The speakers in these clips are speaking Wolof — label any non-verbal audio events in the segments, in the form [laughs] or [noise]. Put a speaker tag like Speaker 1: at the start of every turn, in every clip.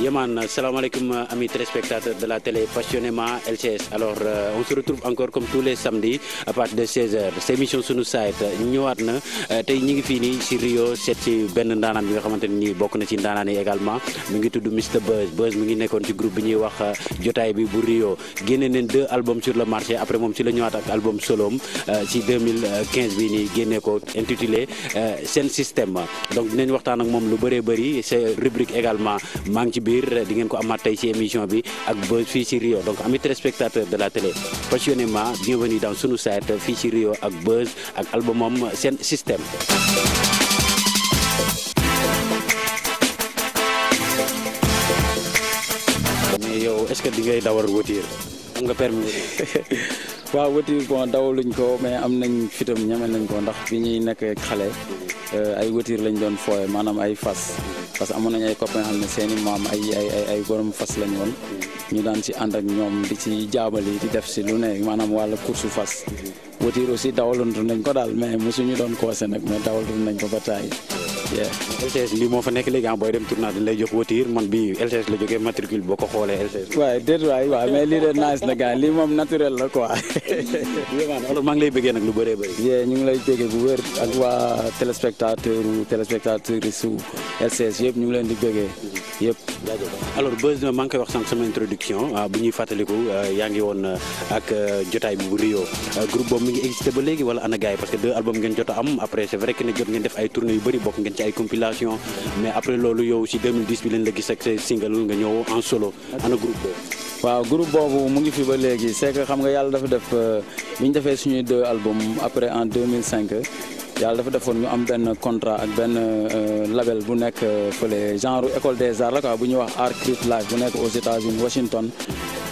Speaker 1: Yaman, salam alaikum amis téléspectateurs de la télé passionnément LCS. Alors euh, on se retrouve encore comme tous les samedis à partir de 16h. C'est émission sur nos sites. ñëwaat na euh, tey ñi ngi fii si Rio c'est si benn ndaanaan bi nga xamanteni ni beaucoup de na ci ndaanaan également mi ngi tuddu Mr Buzz Buzz mi ngi nekkoon ci groupe bi ñuy wax euh, jotaay bi bu Rio Génné deux albums sur le marché après mom ci la ñëwaat ak album solom si 2015 bi ni génné ko intitulé Sen Système donc dinañ waxtaan ak mom lu bëree bëri c'est rubrique également maa ngi biir di ngeen ko amaat tey ci émission bi ak buzz fii ci Rio donc amis téléspectateurs de la télé passionnément bienvenue dans sunu site fii ci Rio ak buzz ak albumam seen système. mais yow est-ce que di ngay dawar voiture nga permis [laughs]
Speaker 2: waaw voiture bon dawaluñ ko mais am nañ fitam ñeme nañ ko ndax bi ñuy nekk xale. Mm-hmm. Euh, ay wëtiir lañ doon fooye maanaam ay fas parce que amoon nañ ay copains xam maam ay ay ay ay borom fas lañ woon ñu daan ci ànd ak ñoom di ci jaabali di def si lu ne maanaam wàllu course fas mhm. wëtiir aussi dawaloon dawalantu nañ ko daal mais mosuñu doon koose nag mais dawalantu
Speaker 1: nañ ko ba taay LCS bi moo fa nekk léegi ah booy dem tournage dañ lay jox voiture man bi LCS la jógee matricule boo ko xoolee LCS.
Speaker 2: waaw déet waay waaw mais lii la [laughs] maa ngi lay bëggee nag lu bëree bëri. ñu ngi lay bëggee bu wér ak waa
Speaker 1: téléspectateur téléspectatrice su LCS yëpp ñu ngi leen di bëggee mm-hmm. yëpp. alors Buzz maa ngi koy wax sànq sama introduction ah, bu ñuy fàttaliku ah, yaa ngi woon ah, ak jotaay bi bu Rio groupe boobu mi ngi existé ba léegi wala ana gars parce que deux albums ngeen jot am après c'est vrai que ne jot ngeen def ay tournées yu bëri bokk ngeen ci ay compilation mais après l'eau yow aussi 2010 bi len la gis ak say single nga ñëw en solo ana groupe groupes waaw groupe bobu mu ngi fi ba légui c'est que xam nga yalla dafa
Speaker 2: def euh, ñu defee deux albums après en 2005 yalla dafa le ñu am ben contrat ak ben label bu pour euh, les genre école des arts la quoi buñu wax Art Crit Live bu aux États-Unis Washington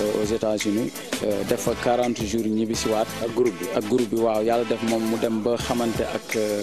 Speaker 2: Euh, aux États-Unis euh, def fa 40 jours ñibbisiwaat si waat ak groupe bi ak groupe bi waaw yàlla def moom mu dem ba xamante ak euh,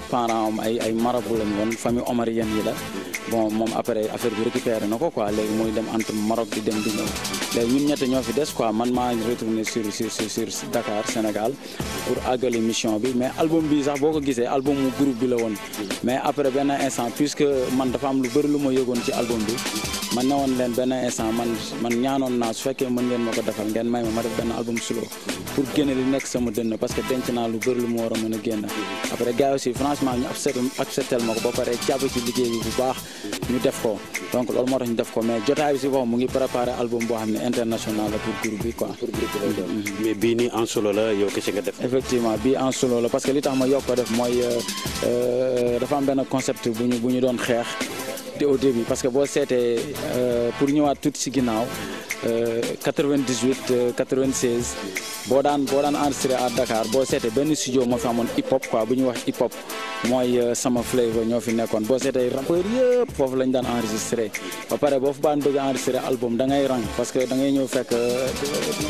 Speaker 2: ay parents am ay ay marabu lañ woon famille omarienne yi la bon moom après affaire bi récupéré na ko quoi léegi muy dem entre Maroc di dem di ñëw léegi ñun ñett ñoo fi des quoi man maa ngi sur sur Dakar Sénégal pour àggali mission bi mais album bi sax boo ko gisee album mu groupe bi la woon mais après benn instant puisque man dafa am lu bëri lu ma yëgoon ci album bi man ne woon leen benn instant man man ñaanon na su fekke man ngeen mako ko defal ngeen may ma ma def ben album solo pour génne li nek sama dënn parce que denc na lu bëri lu mo wara a mën après gars aussi franchement ñu accept acceptel mako ba paré jàpp ci liggéey bi bu baax ñu def ko donc lool moo tax ñu def ko mais jotaay bi ci boppam mu ngi préparer album bo xamné international la pour groupe bi quoi. pour groupe
Speaker 1: bi lay doon mm-hmm. mais bi ni en solo la yow kessé nga def. effectivement bi en solo la parce que li
Speaker 2: tax ma yok ko def moy euh, euh dafa am ben concept bu ñu bu ñu doon xex accepté au début parce que boo seetee euh, pour ñëwaat tuuti ci ginnaaw 98 euh, 96. boo daan boo daan enregistré à Dakar boo seetee benn studio moo fi amoon hip hop quoi bu ñuy wax hip hop mooy euh, sama flavor ñoo fi nekkoon boo seetee rappeurs yëpp foofu lañ daan enregistré ba pare boo fa baan bëgg enregistré album da ngay rang parce que da ngay ñëw fekk euh,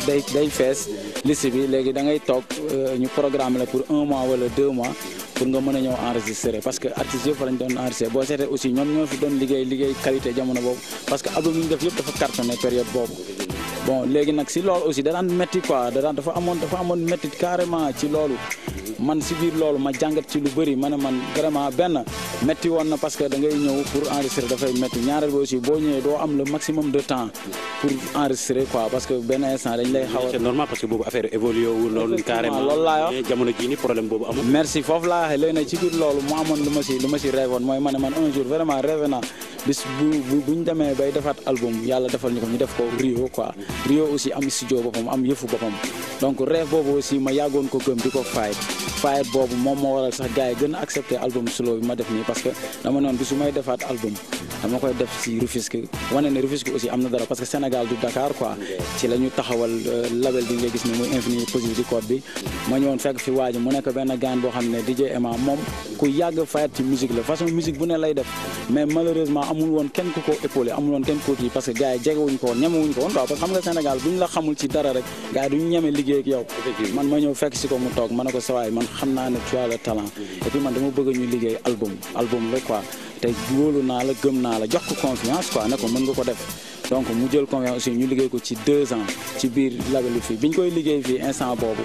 Speaker 2: day fees liste bi léegi da ngay toog euh, ñu programme la pour un mois wala deux mois pour nga mën a ñëw enregistré parce que artistes yëpp fa lañ doon enregistré boo seetee aussi ñoom ñoo fi doon liggéey liggéey qualité jamono boobu que album yi ñu def yëpp boobu bon léegi nag si loolu aussi da daan métti quoi da amoon dafa amoon métti carrément ci loolu man si biir loolu ma jàngat ci lu bëri ma ne man vraiment benn métti woon na parce que da ngay ñëw pour enregistrer dafay métti ñaareel bi aussi boo ñëwee doo am le maximum de temps pour enregistrer quoi parce que benn
Speaker 1: instant dañ lay xaw a. c'est normal parce que boobu affaire évolué wu loolu carrément loolu laa jamono jii ni problème boobu amul.
Speaker 2: merci ma si lu ma mooy ma ne man un jour vraiment rêve naa demee bay defaat album yàlla defal ñu ko ñu def ko Rio quoi Rio aussi am studio boppam am ko di ko faay faay boobu moom moo waral sax gars yi gën a accepté album solo bi ma def nii parce que dama noonu bi su may defaat album dama koy def si Rufisque wane ne Rufisque aussi am na dara parce que Sénégal du Dakar quoi ci la taxawal euh, label bi nga gis ne muy Infini Positivity Code bi ma ñëwoon fekk ci ko épaulé amul man ma ko mu waaye man xam naa ne tu as talent et man dama bëgg ñu liggéey album album la quoi te wóolu naa la gëm naa la jox ko confiance quoi ne ko mën nga ko def donc mu jël confiance aussi ñu liggéey ko ci deux ans ci biir labelu fi bi ñu koy liggéey fii instant boobu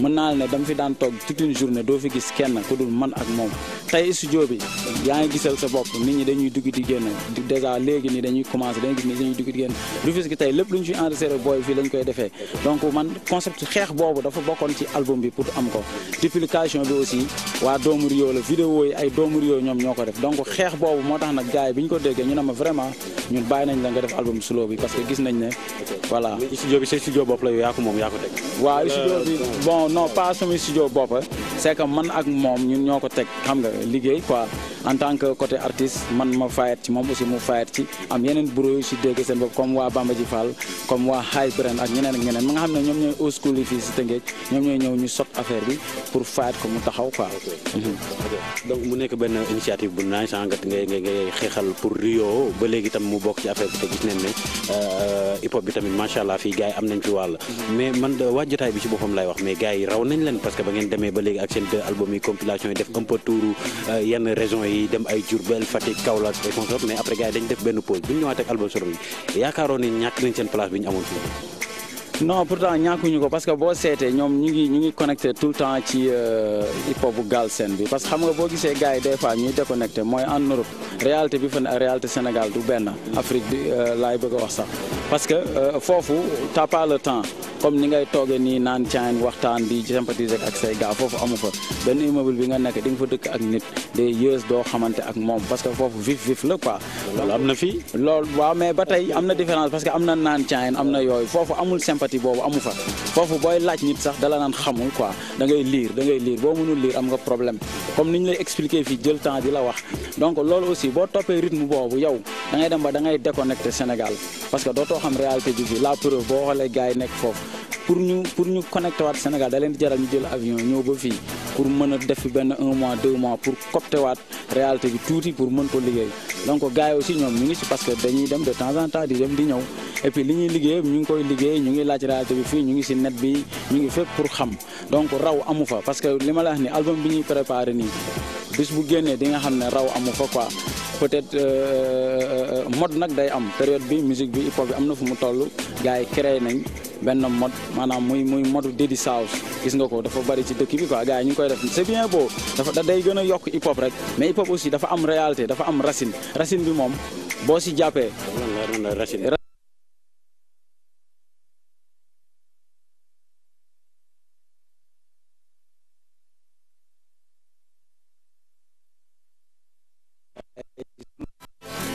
Speaker 2: mën naa ne dama fi daan toog toute une journée doo fi gis kenn ku dul man ak moom tey studio bi yaa ngi gisal sa bopp nit ñi dañuy dugg di génn dèjà léegi nii dañuy commencé dañuy gis ni dañuy dugg di génn Rufisque tey lépp lu ñu fi enregistré booy fii lañ koy defee donc man concept xeex boobu dafa bokkoon ci album bi pour am ko duplication bi aussi waa doomu Rio la vidéo yi ay doomu Rio ñoom ñoo ko def donc xeex boobu moo tax nag gars yi bi ñu ko déggee ñu ne ma vraiment ñun bàyyi bi parce que gis nañ ne
Speaker 1: voilà studio bi sa
Speaker 2: la moom yaa ko non non pas sumi studio bopp c'est man ak moom ñun ñoo ko teg xam nga liggéey quoi en tant que côté artiste man ma fayet ci moom aussi mu fayet ci am yeneen bureau yu si dégg ñeneen ak ñeneen ma nga xam ne ñoom ñooy old school yi fii si Tëngéej ñoom ñooy ñëw ñu sot affaire bi pour fayet ko mu taxaw
Speaker 3: quoi.
Speaker 1: donc mu nekk benn initiative bu naan ah, sàngat ngay ngay ngay xeexal pour Rio ba léegi tam mu bokk ci affaire bi te gis nañ ne euh, hip hop bi tamit macha allah fii gars am nañ ci wàll. Mhm. mais man yi raw nañ leen parce que ba ngeen demee ba léegi ak seen deux albums yi compilation yi def un tour euh, yenn régions yi dem ay Diourbel Fatick Kaolack et consorts mais après gars yi dañ def benn pause bu ñu ñëwaatee ak album solo yi yaakaaroon ne seen place bi ñu amoon fii.
Speaker 2: non pourtant ñàkkuñu ko parce que boo seetee ñoom ñu ngi ñu tout temps ci euh, hip hop galsen bi parce que xam nga boo gisee gars yi des fois ñuy déconnecté mooy en Europe réalité bi fa réalité Sénégal du benn Afrique bi euh, laay wax sax parce que euh, foofu tapa le temps comme ni ngay toogee ni naan caan waxtaan di sympathiser ak say gars foofu amu fa benn immeuble bi nga nekk di nga fa dëkk ak nit des yeux doo xamante ak moom parce que foofu vif vif la quoi. loolu na fii. am na différence parce na naan caan am na yooyu sympathie bobu amu fa fofu boy laaj nit sax dala nan xamul quoi da ngay lire da ngay lire bo mënul lire am nga problème comme niñ lay expliquer fi jël temps di la wax donc lolu aussi bo topé rythme bobu yow da ngay dem ba da ngay déconnecter Sénégal parce que dootoo xam réalité ji bi la preuve bo xolé gars nek fofu pour ñu pour ñu connecter waat Sénégal da leen di jaral ñu jël avion ñëw ba fi pour mëna def benn 1 mois 2 mois pour copter waat réalité bi touti pour mën ko liggéey donc gaay aussi ñom ñu ci parce que dañuy dem de temps en temps di dem di ñew et puis li ñuy liggéey ñu ngi koy liggéey ñu ngi laaj Thiathia bi fi ñu ngi ci net bi ñu ngi fépp pour xam donc raw amu fa parce que lima la wax ni album bi ñuy préparer ni bis bu génné di nga xamné raw amu fa quoi peut-être euh, euh, euh, mode nak day am période bi musique bi hip hop bi amna fu mu tollu gaay créer nañ ben mode manam muy muy mode Daddy saus gis nga ko dafa bari ci dëkk bi quoi gaay ñu koy def c'est bien beau dafa da day gëna yok hip hop rek mais hip hop aussi dafa am réalité dafa am racine racine bi mom bo si jappé racine.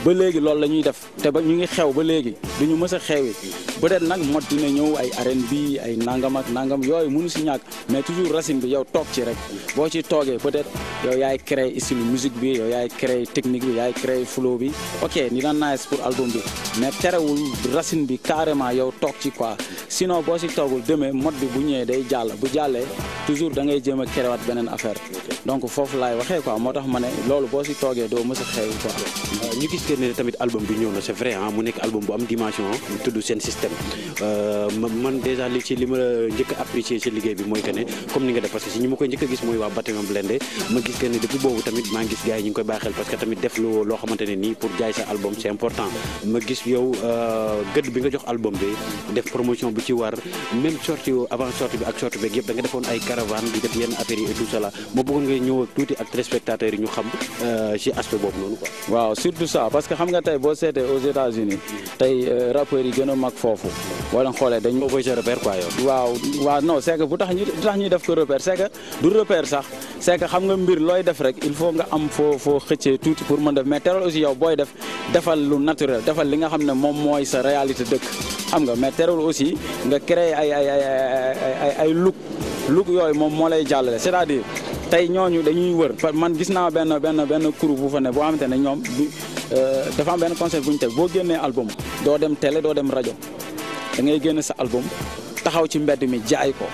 Speaker 2: ba léegi loolu la ñuy def te ba ñu ngi xew ba léegi du ñu mës a xewi peut-être nag mot dina ñëw ay arène bi ay nangam ak nangam yooyu mënu si ñàkk mais toujours racine bi yow toog ci rek boo ci toogee peut-être yow yaay créé style musique bi yow yaay créé technique bi yaay créé flow bi ok dina nice pour album bi mais terewul racine bi carrément yow toog ci quoi sinon boo si toogul demee mot bi bu ñëwee day jàll bu jàllee toujours da ngay jéem a créewaat beneen affaire donc foofu laay waxee quoi moo tax ma ne loolu boo si toogee doo mës a
Speaker 1: fekkee ne tamit album bi ñëw na c'est vrai ah mu nekk album bu am dimension mu tudd seen système euh, man déjà li ci li njëkk a apprécier liggéey bi mooy que comme ni nga def parce que si ñi ma koy njëkk a ñu koy baaxeel parce que tamit def loo xamante nii pour jaay sa album c'est important ma gis yow euh, gëdd bi nga jox album bi def promotion bi ci war même sortie avant sortie bi ak sortie beeg yëpp da nga defoon ay caravane di def yenn affaires yi et tout cela moo bëggoon nga ñëw ak tuuti ak téléspectateurs xam euh, ci aspect boobu noonu
Speaker 2: parce que xam nga tey boo seetee aux États-Unis tey euh, rappeurs yi gën a mag foofu wala xoolee dañ ko bëgg repère quoi yow waaw waaw non c'est que bu tax ñu ñuy def ko repère c'est du repère sax c'est xam nga mbir looy def rek il faut nga am foo foo xëccee tuuti pour mën def mais teral aussi yow booy def defal lu naturel defal li nga xam ne moom mooy sa réalité dëkk xam nga mais teral aussi nga créer ay ay ay ay yooyu moom moo lay jàllale c'est-à-dire tey ñooñu dañuy wër man gis naa benn benn benn crew bu ne boo xamante ne ñoom Euh, dafa am benn concept bu ñu teg boo génnee album doo dem télé doo dem rajo da ngay génn sa album taxaw ci mbedd mi jaay ko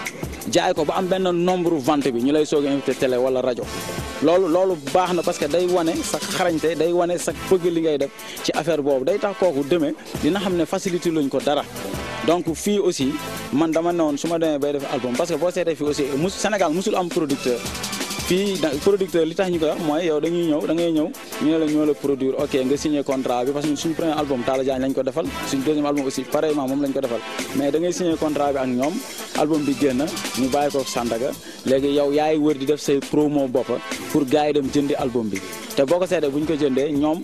Speaker 2: jaay ko ba am benn nombre vente bi ñu lay soog a télé wala rajo loolu loolu baax na parce que day wane sa xarañte day wane sa bëgg li ngay def ci affaire boobu day tax kooku demee dina xam ne facilité luñ ko dara donc fii aussi man dama ne woon su ma demee bay def album parce que boo seetee fii aussi mus Sénégal musul am producteur. fii producteur li tax ñu ko wax mooy yow dañuy ñëw da ngay ñëw ñu la ñoo la produire ok nga signé contrat bi parce que suñu premier album Talla Diagne lañ ko defal suñu deuxième album aussi pareillement moom lañ ko defal mais da ngay signé contrat bi ak ñoom album bi génn ñu bàyyi ko Sandaga léegi yow yaay wër di def say promo bopp pour gars yi dem jëndi album bi te boo ko seetee bu ñu ko jëndee ñoom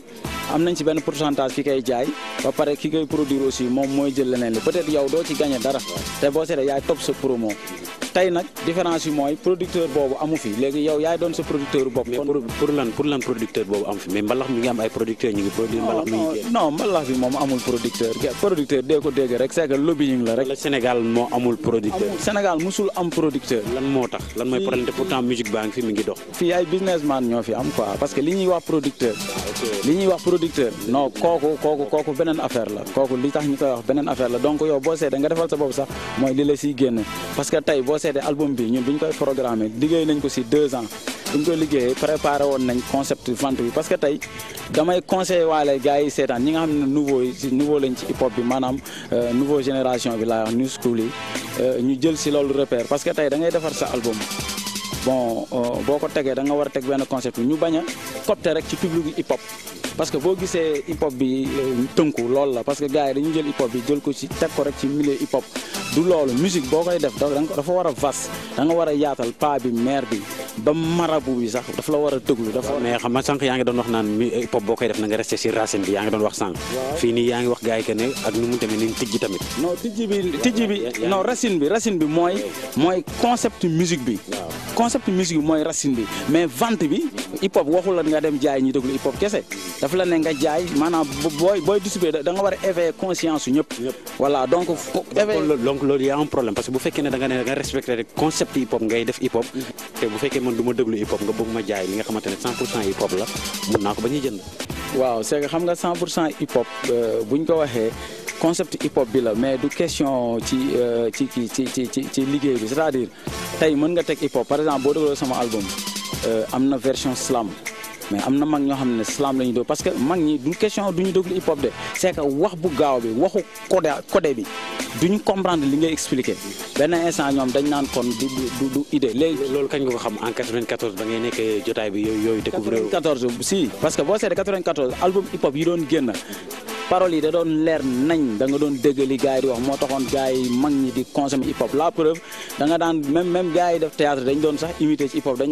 Speaker 2: am nañ ci benn pourcentage ki koy jaay ba pare ki koy produire aussi moom mooy jël leneen neen peut-être yow doo ci gagné dara te boo seetee yaay topp sa promo
Speaker 1: tey nag différence yi mooy producteur boobu amu fi léegi yow yaay doon sa producteur bopp. pour pour lan pour lan producteur boobu am fi mais mbalax mi ngi am ay producteur ñu ngi produire mbalax mi ngi
Speaker 2: non mbalax bi moom amul producteur producteur dee ko
Speaker 1: dégg rek c'est que moo tax lan mooy problème te pourtant musique baa
Speaker 2: ñuy wax producteur ah, li ñuy wax producteur non kooku kooku kooku beneen affaire la kooku li tax ñu koy wax beneen affaire la donc yow boo seetee nga defal sa bopp sax mooy li la siy génn parce que tey boo seetee album bi ñun bi ñu koy programmé liggéey nañ ko si ans bi ñu koy liggéeyee préparé woon nañ concept vente bi parce que tey damay conseillé waale gars yi seetaan ñi nga xam ne nouveau yi si nouveau lañ ci hip hop bi maanaam euh, nouveau génération bi laa wax new school yi euh, ñu jël si loolu repère parce que tey da ngay defar sa album bon euh, boo ko tegee da war a teg benn concept ñu bañ a copter rek ci public hip hop parce que boo gisee hip hop bi euh, tënku loolu la parce que gars yi dañu jël hip hop bi jël ko ci teg ko rek ci milieu hip hop du loolu musique boo koy def dafa war a vaste da nga war a yaatal paa bi mère bi ba marabu
Speaker 1: bi sax dafa la war a déglu dafa mais xam nga sànq yaa ngi doon wax naan hip hop boo koy def na nga resté si racine bi yaa ngi doon wax sànq fii nii yaa ngi wax
Speaker 2: bi tijji bi non racine bi racine bi concept musique mooy racine bi mais vente bi hip hop waxul nga dem jaay ñi déglu hip hop kese dafa la ne nga jaay maanaam booy booy distribuer war a éveiller conscience su ñëpp.
Speaker 1: voilà donc. donc loolu y a problème parce que bu fekkee ne da nga concept hip hop ngay def hip hop. Mm-hmm. te bu fekkee man du ma hip hop nga bëgg ma jaay li nga xamante ne pour cent hip hop la mun naa ko ba ñuy jënd.
Speaker 2: waaw c'est xam nga 100 pour cent hip hop euh, buñ ko waxee. concept hip hop bi la mais du question ci euh, ci ci ci ci liées bi c'est-à-dire tay mën nga tek hip hop par exemple bo dégloo sama album euh, a une version slam mais am na mag ñoo xam ne slam la ñuy parce que mag ñi du question du ñu hip hop de c' wax bu gaaw bi waxu code bi du comprendre li ngay expliqué benn instant ñoom dañ naan kon du du du idée léegi. loolu kañ nga ko xam en 94 ba ngay jotaay bi yooyu yooyu. découvrir si parce que boo seetee album hip hop yi doon génn. paroles yi da doon leer nañ da doon dégg li yi di wax moo taxoon gars yi mag ñi di consommer hip hop la preuve da nga daan même même gars yi def théâtre dañ doon sax imité ci hip hop li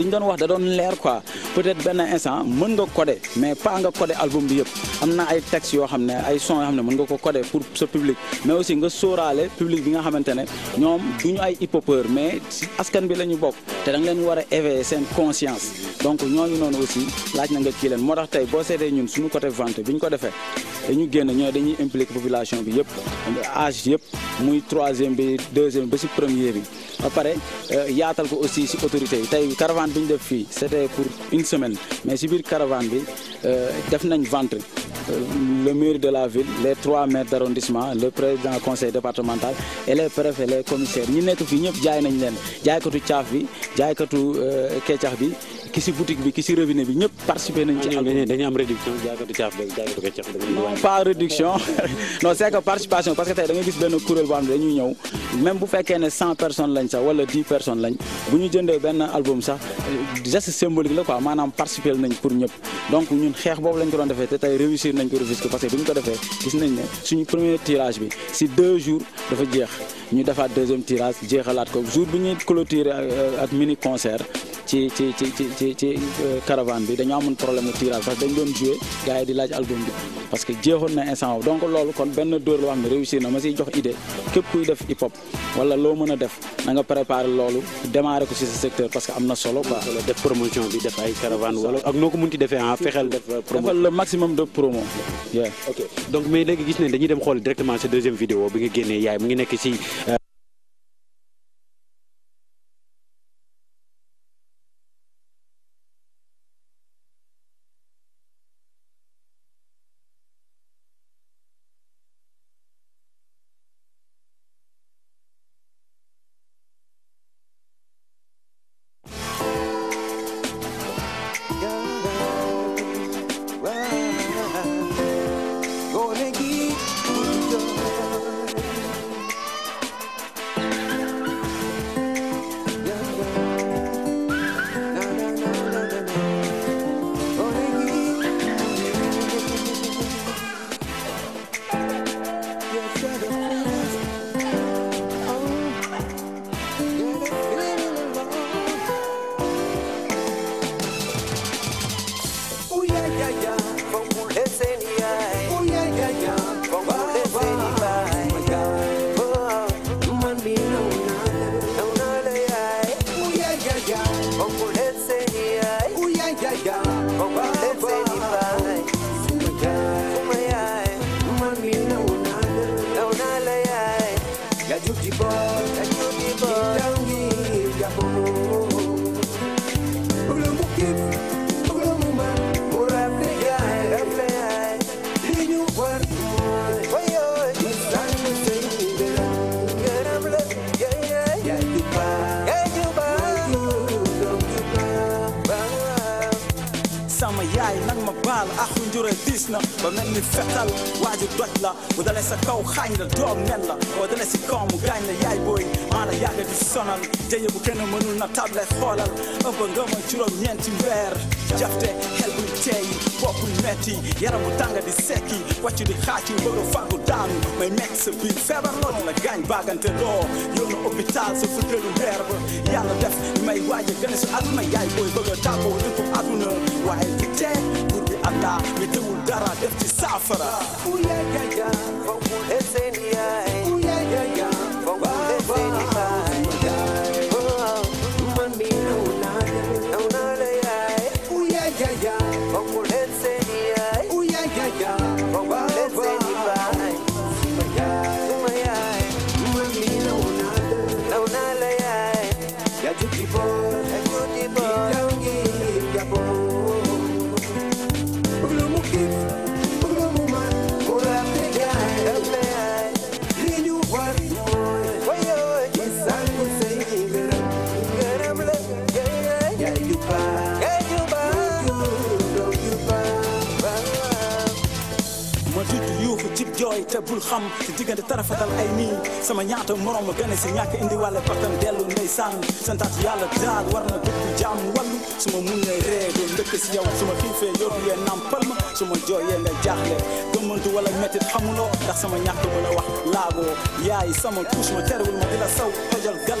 Speaker 2: ñuy da doon leer quoi peut-être benn instant mën nga codé mais pas nga codé album bi yëpp am na ay textes yoo xam ne ay sons yoo xam ne mën nga ko codé pour sa public mais aussi nga sóoraale public bi nga xamante ne ñoom du ay hip-hopeurs mais askan bi la ñu bokk te da nga leen war a éveiller seen conscience donc ñooñu noonu aussi laaj na nga kii leen moo tax tey boo seetee ñun suñu côté vente bi ñu ko defee dañu génn ñooy dañuy impliquer population bi yëpp âge yëpp muy troisième bi deuxième ba si premier bi ba pare euh, yaatal ko aussi ci autorité tay caravane bi def fi c'était pour une semaine mais si bir caravane bi euh, def nañ ventre, euh, le mur de la ville les trois maires d'arrondissement le président conseil départemental et les préfets les commissaires ñi nekk fi ñep jaay nañ leen jaaykatu tiaf bi jaaykatu kecax bi ki si boutique bi ki si robinet bi ñep participer nañ ci. dañu am réduction
Speaker 1: jaaykatu caaf beeg jaaykatu kecaaf dañuy
Speaker 2: pas réduction [laughs] non c'est que participation parce que tay da nga gis benn kuréel boo dañuy ñew même bu fekkee né 100 personnes lañ sax wala 10 personnes lañ bu ñu jëndé ben album sax juste symbolique la quoi manam participer nañ pour ñep donc ñun xex bobu lañ ko doon défé te tey réussir nañ ko Rufisque parce que buñ ko défé gis nañ né suñu premier tirage bi ci 2 jours dafa jeex ñu defaat deuxième tirage jeexalaat ko jour bi ñuy clôturer euh, ak mini concert ci ci ci ci ci ci euh, caravane bi dañu amoon problème mu tirage parce que dañ doon jouer gaay di laaj album bi parce que jeexon na instant donc lolu kon ben door lo wax réussir na ma ci jox idée kep kuy def hip hop wala lo meuna def na nga préparer lolu démarrer ko ci ce secteur
Speaker 1: parce que am na solo quoi. def promotion bi def ay caravane wala ak noko muñ munti defé ah fexel def. Euh, promo
Speaker 2: le maximum de promo.
Speaker 1: yeah ok donc mais légui gis né dañuy dem xol directement sa deuxième vidéo bi nga génné yaay mu ngi nek ci euh,
Speaker 3: tax mu gaañ la yaay booy maa la yàgg di sonal jëye bu kenn mënul na table xoolal ëpp nga ma juróom ñeenti weer jafte xel buy teey bopp buy metti yaram bu tàng di sekki wàcc di xaacu bëgg a fàggu daanu may nekk sa biir feebar loolu la gaañ baagante doo yoonu hôpital sa fukkeelu weer ba yàlla def may waaj a gane su àdduna yaay booy bëgg a tàggoo dëkku àdduna waaye di tee pour bi àndaa mi teewul dara def ci saafara. te bul xam ci diggante tarafatal ay nii sama ñaata morom gane si ñàkk indi wàlle bakkan dellu ndeysaan santaat yàlla daal war na dëkk jàmm wàllu su ma muñee ree doon ndëkk si yow su ma xiifee yóbbu yee nàmpal ma su ma jooyee nga jaaxle gëmmantu wala méttit xamuloo ndax sama ñàkk mën a wax laagoo yaay sama couche ma terewul ma di la saw tojal gàll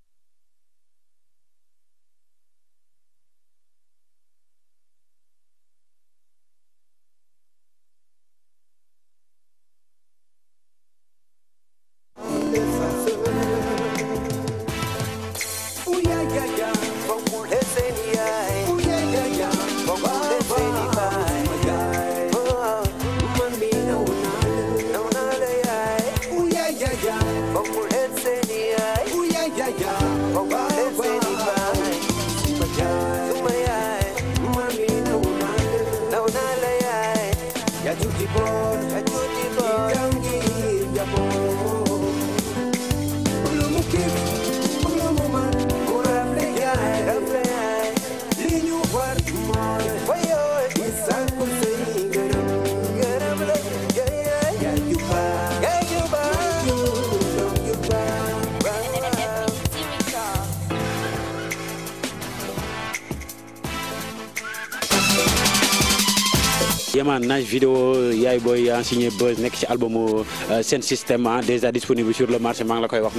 Speaker 1: Je Nage Vidéo Yaay Boy signé Buzz ci euh, System ah, déjà disponible sur le marché Je la koy wax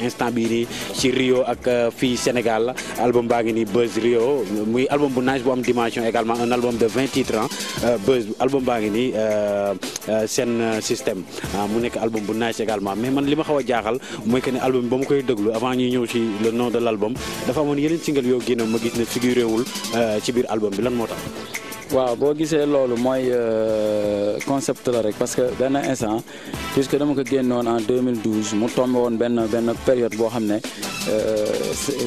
Speaker 1: instant euh, Sénégal album Buzz Rio album dimension un album de 20 titres ah, euh, Buzz album de « Sen System ah, album bu également mais man que je dire, que album album avant le nom de l'album. album dafa yeneen single ma
Speaker 2: waaw boo gisee loolu mooy euh, concept la rek parce que benn instant que dama ko génnoon en 2012 mu tombé woon benn benn période bo xam ne euh,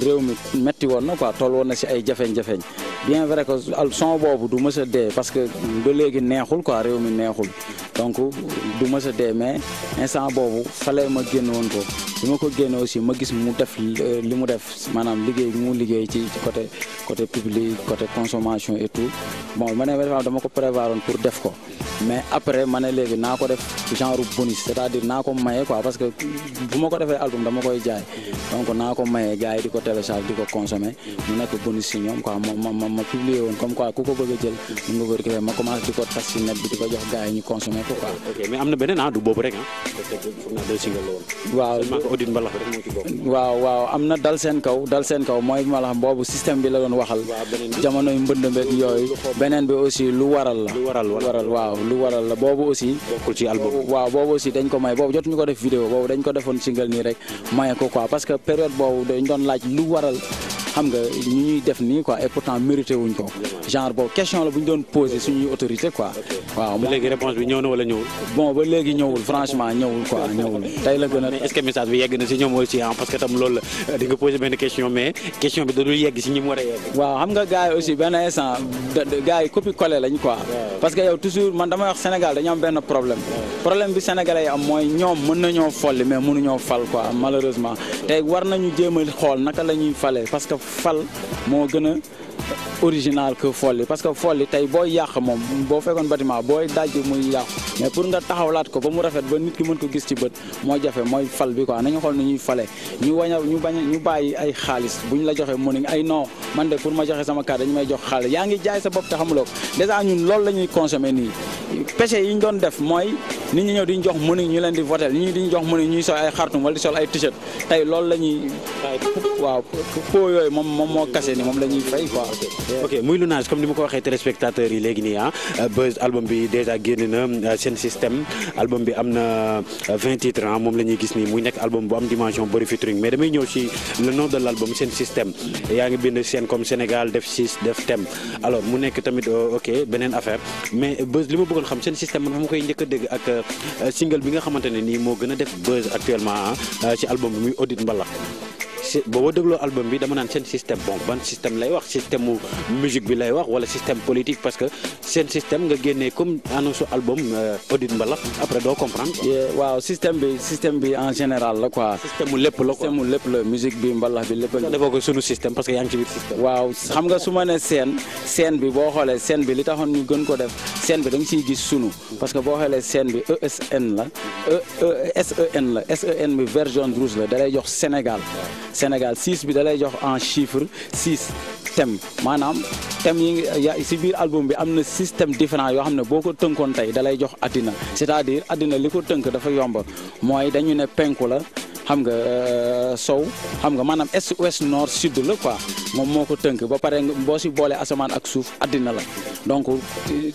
Speaker 2: réew mi metti woon na quoi toll woon na si ay jafeñ-jafeñ bien vrai que son boobu du mës a dee parce que ba léegi neexul quoi réew mi neexul donc du mës a dee mais instant boobu fale ma génn woon ko bi ma ko génne aussi ma gis mu def li euh, mu def maanaam liggéey mu liggéey ci côté côté public côté consommation et tout bon ma ne ma dama ko prévoir woon pour def ko mais après ma ne léegi naa ko def genre bonus c'est-à-dire naa ko maye quoi parce que bu ma ko defee album dama koy jaay donc naa ko maye gars yi di ko télécharge di ko consommer mu nekk bonus ma publié woon comme quoi ku ko bëgg a jël mun nga ko récupérer ma commencé di ko tas si net bi di ko jox gars yi ñu consommé
Speaker 1: ko quoi. ok mais am na beneen ah du boobu rek ah. foog naa deux single la woon. waaw seulement que audit
Speaker 2: mbalax rek moo ci bokk. waaw waaw am na dal seen kaw dal seen kaw mooy mbalax boobu système bi la doon waxal. waaw beneen bi jamonoy mbënd bi aussi lu waral la. lu waral waral waaw lu waral la boobu aussi. bokkul ci album waaw boobu aussi dañ ko may boobu jotuñu ko def vidéo boobu dañ ko defoon single nii rek maye ko quoi parce que période boobu dañ doon laaj lu waral xam nga ñu ñuy def nii quoi et pourtant mérité wuñ ko genre boobu question la bu ñu doon posé suñuy autorité quoi waaw ba
Speaker 1: léegi réponse bi ñëw na wala ñëwul
Speaker 2: bon ba léegi ñëwul franchement ñëwul quoi ñëwul
Speaker 1: tey la gën a est-ce que message bi yegg na si ñoom aussi ah parce que tam loolu la euh, di nga posé benn question mais question bi dadul yegg si ñi mu war a yegg waaw xam
Speaker 2: nga gars yi aussi benn instant gars yi copie collé lañ quoi parce que yow toujours man damay wax Sénégal dañu am benn problème problème bi sénégalais yi am mooy ñoom mën nañoo folli mais mënuñoo fal quoi malheureusement tey war nañu jéem a xool naka la ñuy falee parce que fal moo gën a original que folli parce que folli tey boo yàq moom boo fekkoon batiment booy daj muy yàq mais pour nga taxawlaat ko ba mu rafet ba nit ki mën ko gis ci bët moo jafe mooy fal bi quoi nañu xool nu ñuy falee ñu wañ ñu bañ ñu bàyyi ay xaalis buñ la joxe mu ne ay non man de pour ma joxe sama carte dañu may jox xaalis yaa ngi jaay sa bopp te xamuloo ko dèjà ñun loolu la ñuy consommer nii péché ñu doon def mooy nit ñi ñëw di ñu jox mënuñ ñu leen di votel nit di ñu jox mënuñ ñuy sol ay xartum wala sol ay t tey loolu la ñuy waaw yooyu moom moom moo kase ni moom la ñuy fay
Speaker 1: ok muy lunage comme ni ma ko waxee téléspectateurs yi léegi nii ah buzz album bi déjà génn na ah, seen système album bi am na 20 ah, titres ah moom la ñuy gis nii mu nekk album bu am dimension bëri featuring mais damay ñëw ci le nom de l' album seen système yaa ngi bind seen comme Sénégal def six def thème alors mu nekk tamit oh, ok beneen affaire mais buzz li ma bëggoon xam seen système man ma koy njëkk a dégg ak ah, single bi nga xamante ne nii moo gën a def buzz actuellement ci album bi muy audit mbalax boo dégloo album bi dama nan sen système bon ban système lay wax système musique bi lay wax wala système politique parce que sen système nga génnee comme annonce album audit euh, mbalax après do comprendre. waaw système bi système bi en général la quoi. système
Speaker 2: lepp lépp la quoi système mu la musique bi mbalax bi lepp la. defoo ko sunu système parce que yang ci biir système. waaw xam nga suma né nee scène scène bi bo xolé scène bi li taxone ñu gën ko def scène bi da ci ciy gis sunu parce que bo xolé scène bi ESN la E, e SEN la SEN bi version rouge la da lay jox Sénégal. Sénégal 6 bi dalay jox en chiffre 6 thème manam thème yi ya ci bir album bi amna na 6 thèmes différents yoo xam ne boo ko tënkoon jox adina c'est-à-dire adina liko teunk dafa yomb moy dañu ne penku la xam nga euh, sow xam nga manam est ouest nord sud le quoi mom moko teunk ba pare bo ci bolé asaman ak souf adina la donc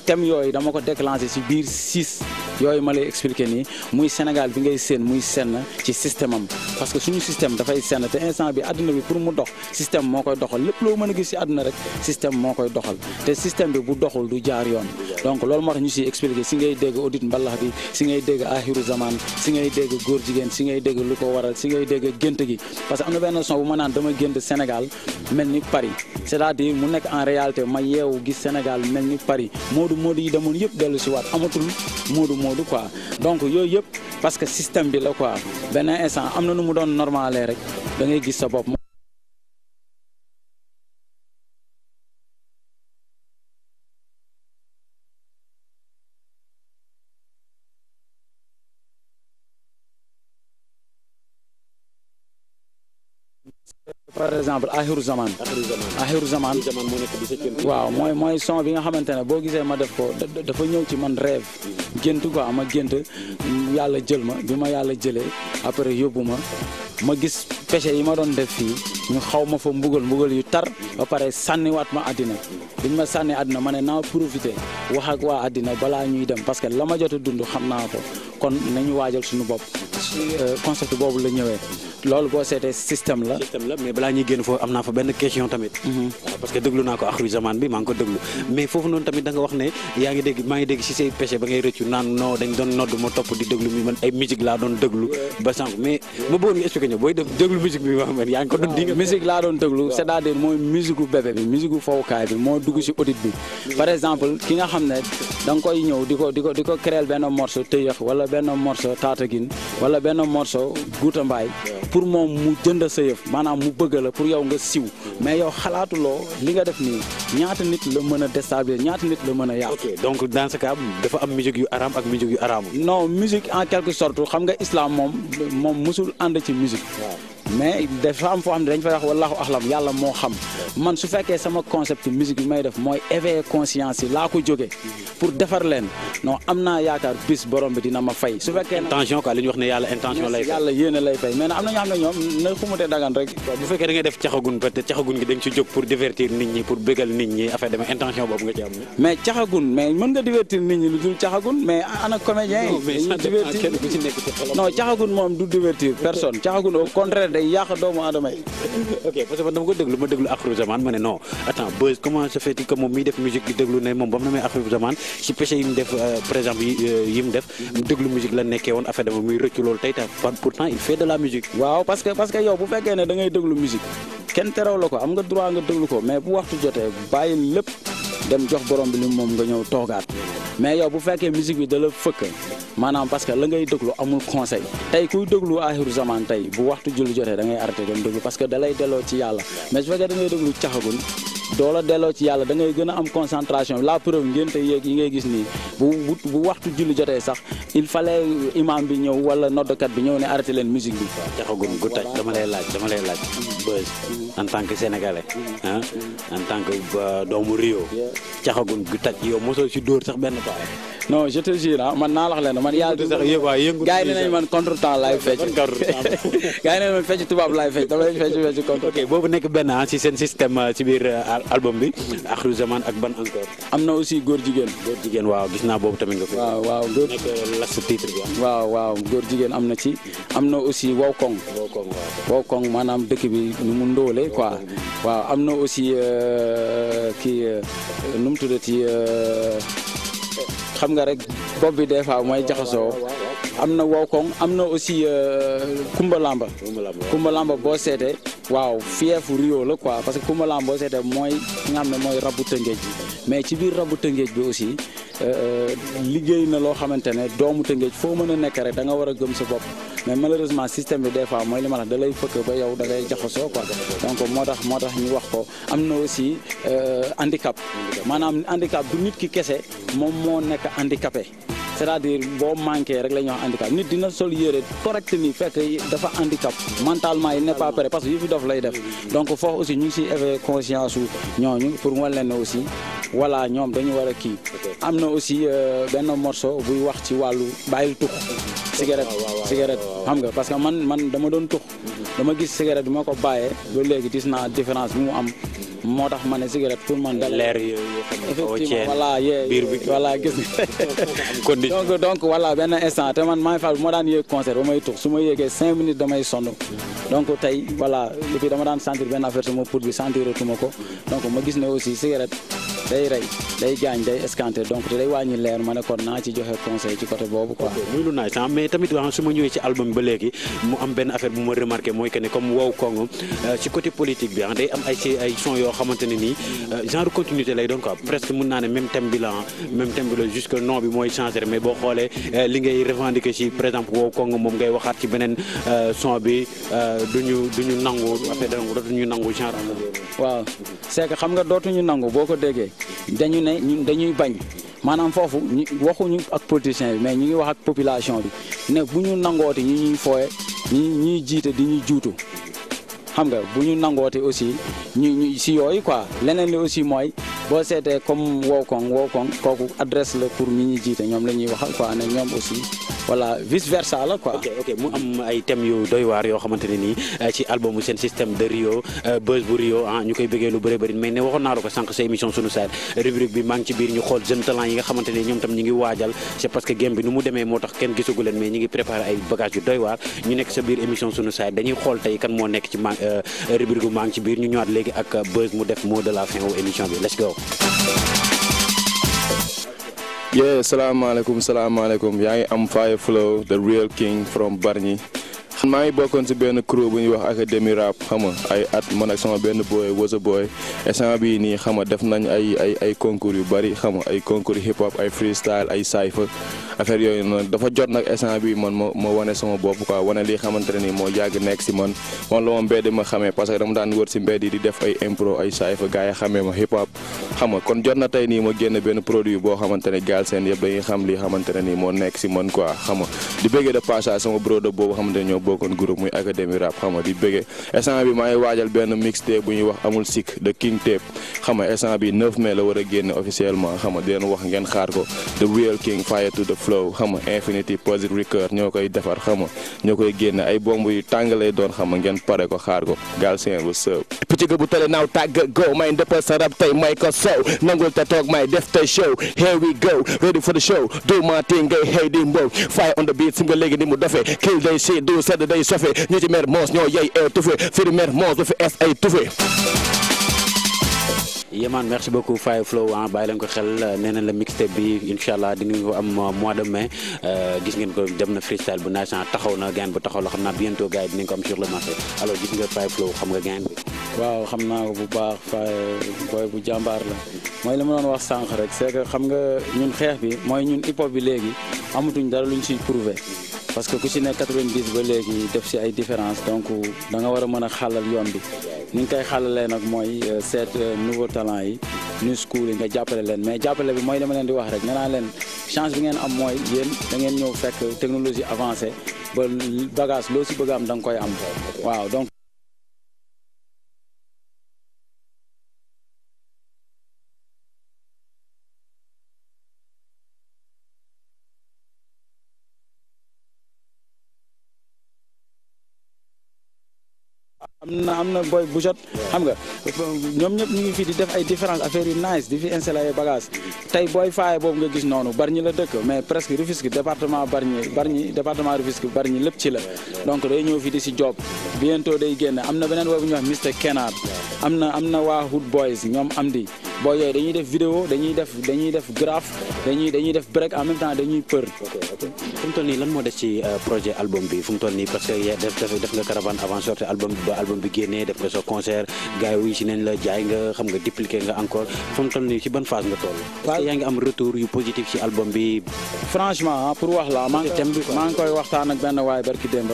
Speaker 2: thème yoy dama ko déclencher ci bir 6. yooyu ma lay expliquer nii muy Sénégal bi ngay séen muy senn ci système am parce que suñu système dafay senn te instant bi àdduna bi pour mu dox système moo koy doxal lépp loo mën a gis ci àdduna rek système moo koy doxal te système bi bu doxul du jaar yoon donc loolu moo tax ñu siy expliquer si ngay dégg audit mbalax bi si ngay dégg axiru zaman si ngay dégg góor jigéen si ngay dégg lu ko waral si ngay dégg gént gi parce que am benn son bu ma naan dama gént Sénégal mel ni Paris cest à mu nekk en réalité ma yeewu gis Sénégal mel ni Paris moodu moodu yi demoon yëpp dellu si amatul moodu Modou quoi donc yooyu yëpp parce que système bi la quoi benn instant am na nu mu doon normalé rek da ngay gis sa bopp. exemple axiru zaman axiru zaman waaw mooy mooy son bi nga xamante ne boo gisee ma def ko dafa ñëw ci man rêve gént quoi ma gént yàlla jël ma bi ma yàlla jëlee après yóbbu ma ma gis péché yi ma doon def fii ñu xaw ma fa mbugal mbugal yu tar ba pare sànniwaat ma àddina biñ ma sànni àddina ma ne naa profité wax ak waa àddina balaa ñuy dem parce que la ma jot
Speaker 1: a dund xam naa ko kon nañu waajal suñu bopp euh, concept boobu la ñëwee loolu boo seetee système la. système la mais balaa ñuy génn foofu am naa fa benn question tamit. Mhm. Euh, parce que déglu naa ko axru zaman bi maa ngi ko déglu. Mhm. mais foofu noonu tamit da nga wax ne yaa ngi dégg maa ngi dégg si say péché ba ngay rëccu naan non dañ doon nodd ma topp di déglu mi man ay musique laa doon déglu. ba bi ma ko doon di nga. musique laa
Speaker 2: doon déglu c'est-à-dire mooy fowukaay bi moo dugg si audit bi. Mhm. par exemple ki nga xam ne danga koy ñëw di ko di ko di ko créer benn morceau tëyëx wala benn morceau taatagin wala benn morceau guutambaay pour moom mu jënd sa yëf maanaam mu bëgg la pour yow nga siw mais yow xalaatuloo li nga def nii ñaata nit la mën a déstabiliser ñaata nit la mën a yàq.
Speaker 1: donc dans dafa am musique yu araam ak
Speaker 2: musique yu araamul. no musique en quelque sorte xam nga islam moom moom mosul ànd ci musique. mais dafa am foo xam dañ fa wax wallahu axlam yalla mo xam man su fekkee sama concept musique bi may def moy éveiller conscience la ko jóge pour defar len non amna yaakar yaakaar bis borom bi dina ma fay su fekkee intention
Speaker 1: quoi liñ wax né yalla intention lay fay yalla
Speaker 2: yéne lay fay mais nag am na ñom
Speaker 1: xam ne ñoom na dagan rek bu fekkee da nga def caxagun peut être caxagun gi da nga ci jog pour divertir nit ñi pour bégal nit ñi affaire dama intention bobu nga ci am
Speaker 2: mais caxagun mais mën nga divertir nit ñi lu dul caxagun mais
Speaker 1: ana comédien non caxagun mom du divertir personne caxagun au
Speaker 2: contraire day yàq doomu aadama yi.
Speaker 1: [laughs] ok parce que man dama ko déglu ma déglu Akhiru Zaman ma ne non attends buzz comment ça fait que moom miy def musique di ne moom ba mu demee Akhiru Zaman si péché yi mu def euh, par exemple yi euh, mu def déglu la nekkee woon affaire dafa muy rëccu loolu tey te pourtant il fait de la musique. waaw parce
Speaker 2: que parce bu fekkee ne da ngay déglu musique kenn teraw la ko am nga droit nga déglu ko mais bu waxtu jotee bàyyi lépp dem jox borom da ngay arrêté dem déglu parce que da lay delloo ci yàlla mais su fekkee da ngay déglu caxagul la delloo ci yàlla dangay ngay gën a am concentration la preuve ngeen te yeeg yi ngay gis nii bu bu waxtu julli jotee sax il fallait imam bi ñëw wala noddkat bi ñëw ne arrêté leen musique bi. waaw
Speaker 1: caxagum gu taj dama lay laaj dama lay laaj. Beuz en tant que sénégalais. ah en tant que euh, doomu Rio. caxagum gu taj yow mosoo si dóor sax benn ko non je ah, man
Speaker 2: naa lax leen man yàlla du sax man
Speaker 1: contre temps laay fecc [laughs] gars yi dinañ man fecc tubaab laay fecc dama lañ fecc boobu nekk benn ah si seen système ci ah, biir ah, album bi Axiru Zaman ak ban encore am na aussi góor jigéen góor jigéen waaw gis naa boobu tamit nga fi waaw waaw góor
Speaker 2: waaw waaw góor jigéen am na ci am na aussi wow kong wow kong maanaam dëkk bi nu mu ndoole quoi waaw am na aussi euh, kii euh, nu mu ci xam nga rek bopp bi des fois mooy jaxasoo am na wow Wokong am na aussi Kumbalamba. Euh, Kumbalamba Kumbalamba boo seetee waaw fiefu Rio la quoi parce que Kumbalamba boo seetee mooy li nga xam ne mooy rabu tëngéej bi mais ci biir rabu tëngéej bi aussi. Euh, euh, liggéey na loo xamante ne doomu Tëngéej foo mën a nekk rek da nga war a gëm sa bopp mais malheureusement système bi des fois mooy li ma wax lay fëkk ba yow da ngay jaxasoo quoi donc moo tax moo tax ñu wax ko am na aussi handicap maanaam handicap bu nit ki kese moom moo nekk handicapé. c'est-à-dire boo manqué rek la ñuy wax handicap nit dina sol yére correct nii fekk dafa handicap mentalement il n'est pas prêt parce que yu fi dof lay def donc foofu aussi ñu si siy éveillé conscience su ñooñu pour wan leen ne aussi voilà ñoom dañu war a kii am na aussi euh, benn morceau buy wax ci wàllu bàyyil tux cigarette cigarette xam nga parce que man man dama doon tux dama gis cigarette bi ma ko bàyyee loolu léegi gis naa différence bi mu am moo tax mane ne cigarette man da leer yooyu effectivement voilà yee biir bi voilà gis nga [laughs] donc donc voilà benn instant te man maa moo daan yéeg concert ba may tux su ma yéegee cinq minutes damay sonn donc tey voilà et puis dama daan sentir benn affaire suma pour bi sentiratuma ko donc ma gis ne aussi cigarette day rey day gaañ day escanté donc day wàññi leer ma ne kon naa ci joxe conseil ci côté boobu quoi.
Speaker 1: muy lu naaj sax mais tamit ah, su ma ñëwee ci album ba léegi mu am benn affaire bu ma remarqué mooy que ne comme wow Kongo euh, ci côté politique bi ah day am ay ci son yoo xamante ne nii euh, genre continuité lay doon quoi presque mun naa ne même thème bilan la ah, même thème bi la jusque nom bi mooy changé mais boo xoolee euh, li ngay revendiquer ci par exemple wow Kongo moom ngay waxaat ci beneen son bi duñu duñu nangu affaire dootuñu nangu genre. waaw c'est xam nga dootuñu nangu
Speaker 2: boo ko déggee. dañu ne ñun dañuy bañ maanaam foofu ñu waxuñu ak politicien bi mais ñu ngi wax ak population bi ne bu ñu nangooti ñu ñuy fooye ñu ñuy jiite di ñuy juutu xam nga bu ñu nangooti aussi ñu ñu si yooyu quoi leneen li aussi mooy boo seetee comme Wokong Wokong kooku adresse la pour ñi ñuy jiite ñoom la ñuy waxal quoi ne
Speaker 1: ñoom aussi voilà vice versa la quoi. ok ok mu am ay thèmes yu doy waar yoo xamante ne nii euh, ci euh, ah, bi maa ngi ci biir ñoom tam ñu ngi waajal c'est parce que game bi nu mu demee moo tax kenn gisagu leen mais ñu ngi préparé ay bagages yu doy waar ñu nekk sa biir émission sunu saar dañuy xool tey kan moo nekk ci ma euh, rubrique bu maa ci biir ñu ñëwaat léegi ak buzz mu def mot de la fin wu émission bi let's Yeah, salam
Speaker 2: alaikum, salam alaikum. I am Fire Flow, the real king from Barney. maa ngi bokkoon si benn crew bu ñuy wax académie rap xam nga ay at man ak sama benn booy wasa booy instant bii nii xam def nañ ay ay yu bëri xam nga ay concours hip hop ay freestyle ay cypher moo yàgg nekk si man man la ma mbedd ma xamee yi di ma hip hop xam kon jot na tey nii ma génn benn produit boo xamante ne Galsen yëpp dañuy xam li xamante ne nii moo nekk si man quoi xam di bëggee de passage sama brodo boobu xamante ne ñoo bokkoon groupe muy académie rap xam nga di bëggee instant bi maa ngi waajal benn mixtape bu ñuy wax amul sikk de king tape xam nga instant bi 9 mai la war a génne officiellement xam nga wax ngeen xaar ko the real king fire to the flow xam infinity positive record ñoo koy defar xam ñoo koy génne ay bomb yu tàng lay doon xam ngeen pare ko xaar ko gaal bu sëb picc bu tale naaw tàgg go may ndëppal sa rab tey may ko sow nangul te toog may def tey show here we go ready
Speaker 1: sedd day sofe ñu ci mer moos ñoo yey e tufe moos du fi es ay tufe Yéemaan merci beaucoup Faye Flow ah bàyyi ko xel nee na la mixtape bi incha allah dinañ ko am euh, mois de mai euh, gis ngeen ko dem na freestyle bu naaj ah, taxaw na gain bu taxaw la xam naa bientôt gars yi dinañ ko am sur le marché alors gis nga Faye Flow xam nga gain bi.
Speaker 2: waaw xam naa bu baax Faye booy bu jàmbaar la mooy li ma doon wax sànq rek c'est que xam nga ñun xeex bi mooy ñun hip bi léegi amatuñ dara luñ siy prouver. parce que ku si nekk 90 ba léegi def si ay différence donc da nga war a mën a xàllal yoon bi ni nga koy xàllalee nag mooy euh, seet euh, nouveau talent yi new school yi nga jàppale leen mais jàppale bi mooy dama leen di wax rek nee leen chance bi ngeen am mooy yéen da ngeen ñëw fekk technologie avancée ba bagage loo si bëgg am danga koy am waaw donc am na boy bu jot xam nga ñoom ñëpp ñu ngi fi di def ay différence affaires yu nice di fi installé ay bagage tey booy faaye boobu nga gis noonu Bargny la dëkk mais presque Rufisque département Bargny Bargny département bari Bargny lépp ci la donc day ñëw fi di si job bientôt day génne am na beneen boobu ñuy wax Mr Kenard am na am na waa Hood Boys ñoom am di boo yooyu dañuy def vidéo dañuy def dañuy def graphe dañuy def break en même temps dañuy peur.
Speaker 1: fu toll nii lan moo des ci euh, projet album bi fu toll nii parce que def def nga caravane avant sortie album bi ba album bi génnee def nga sa concert gars yi wuyu si nañ la jaay nga xam nga dupliqué nga encore fu toll nii si ban phase nga toll. yaa ngi am retour yu positif si album bi. franchement ah,
Speaker 2: pour wax la maa ngi koy waxtaan ak benn waay barki démb.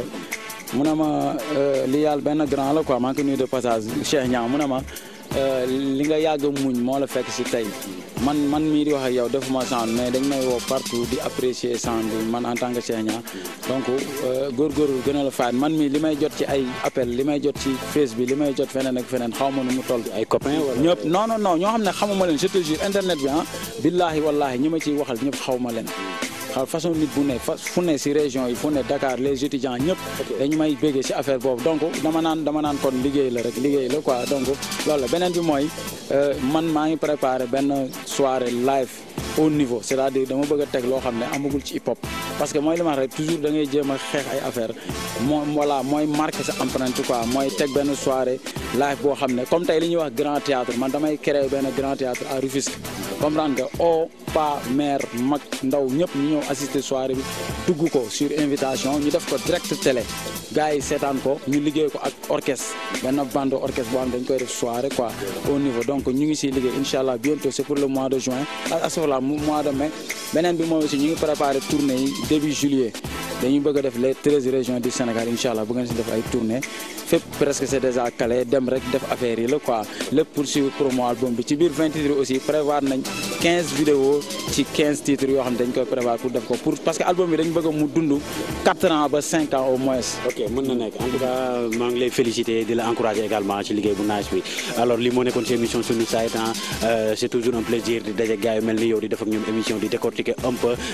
Speaker 2: mu ne ma euh, li yàlla benn grand la quoi maa ngi koy nuyu de passage Euh, li nga yàgg muñ moo la fekk si tey man man mii di wax ak yow defuma sound mais dañ may woo partout di apprécier sound bi man en tant que Cheikh donc euh, góorgóorlu gën a la faay man mii li may jot ci ay appel li may jot ci face bi li may jot feneen ak feneen xaw ma nu mu toll. ay copin wala ñëpp non non ñoo xam ne xamuma leen je te jure internet bi ah billaahi wallaahi ñi ma ciy waxal ñëpp xaw ma leen. xam euh, façon nit bu ne fa ne si région yi fu ne Dakar les étudiants ñëpp dañu may béggee si affaire boobu donc dama naan dama naan kon liggéey la rek liggéey la quoi donc loolu la beneen bi mooy euh, man maa ngi préparé benn soirée live au niveau c'est-à-dire dama bëgg a lo xamné amagul ci hip hop parce que moy li ma rek toujours da ngay jéem a xeex ay affaire moy voilà moy marqué sa empreinte quoi moy teg ben soirée live bo xamné comme tay li ñuy wax grand théâtre man damay créer ben grand théâtre à Rufisque comprendre nga o pa mère mag ndaw ñep ñu ñëw assister soirée bi dugg ko sur invitation ñu def ko direct télé gars yi seetaan ko ñu liggéey ko ak orchestre ben bande orchestre bo xam dañ koy def soirée quoi au niveau donc ñu ngi ci liggéey inshallah bientôt c'est pour le mois de juin À mois de mai benen bi mooy aussi ñu ngi préparer tournée début juillet dañuy bëgg def les 13 régions du Sénégal incha allah bëgg nañ def ay tournée fep presque c'est déjà calé dem rek def affaire yi le quoi le poursuivre pour mon album bi ci biir vingt titres aussi prévoir nañ 15 vidéos ci 15 titres yo xam dañ koy prévoir pour def ko pour parce que
Speaker 1: album bi dañ bëgg mu dund quatre ans ba cinq ans au moins. ok mën na nek en tout cas ma ngi lay féliciter di la encourager également ci liggéey bu naaj bi alors li mo nekkoon ci émission sunu saa hein. euh, c'est toujours un plaisir de dajé gars melni yow di def ñoom émission di décortiquer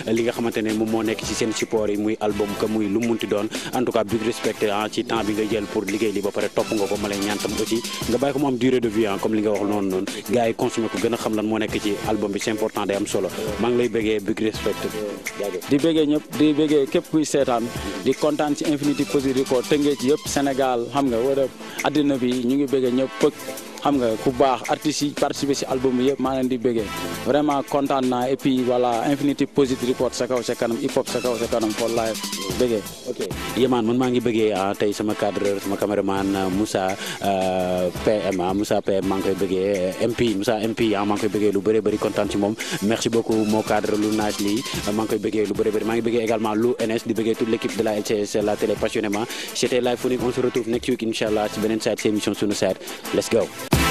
Speaker 1: un li nga xamante moom moo nekk ci seen support yi muy album que muy lu munti doon en big respect ah ci temps bi nga jël pour liggéey li ba pare topp nga ko ma lay ñaan tam nga bàyyi ko mu am durée de vie ah comme li nga wax noonu noonu gars yi ko gën xam lan moo nekk ci album bi c'est important day am solo maa ngi lay bëggee big respect di bëggee ñëpp di bëggee képp kuy seetaan di kontaan ci Infinity
Speaker 2: xam nga ku baax artistes yi participer si album bi yëpp maa leen di bëggee vraiment kontaan naa et puis voilà Infinity Positive Report sa kaw sa kanam hip hop sa kaw sa kanam for life bëggee. ok
Speaker 1: Yéman maa ngi bëggee ah, tey sama cadreur sama caméraman ah, Moussa ah, PM Moussa PM maa ngi koy bëggee eh, maa ngi koy bëggee lu bëree bëri kontaan ci moom merci beaucoup moo cadre lu naaj lii maa ngi koy bëggee lu bëri bëri maa ngi bëggee également lu NS di bëggee toute l' de la LCS la télé passionnément c' était live on se retrouve next week incha ci beneen site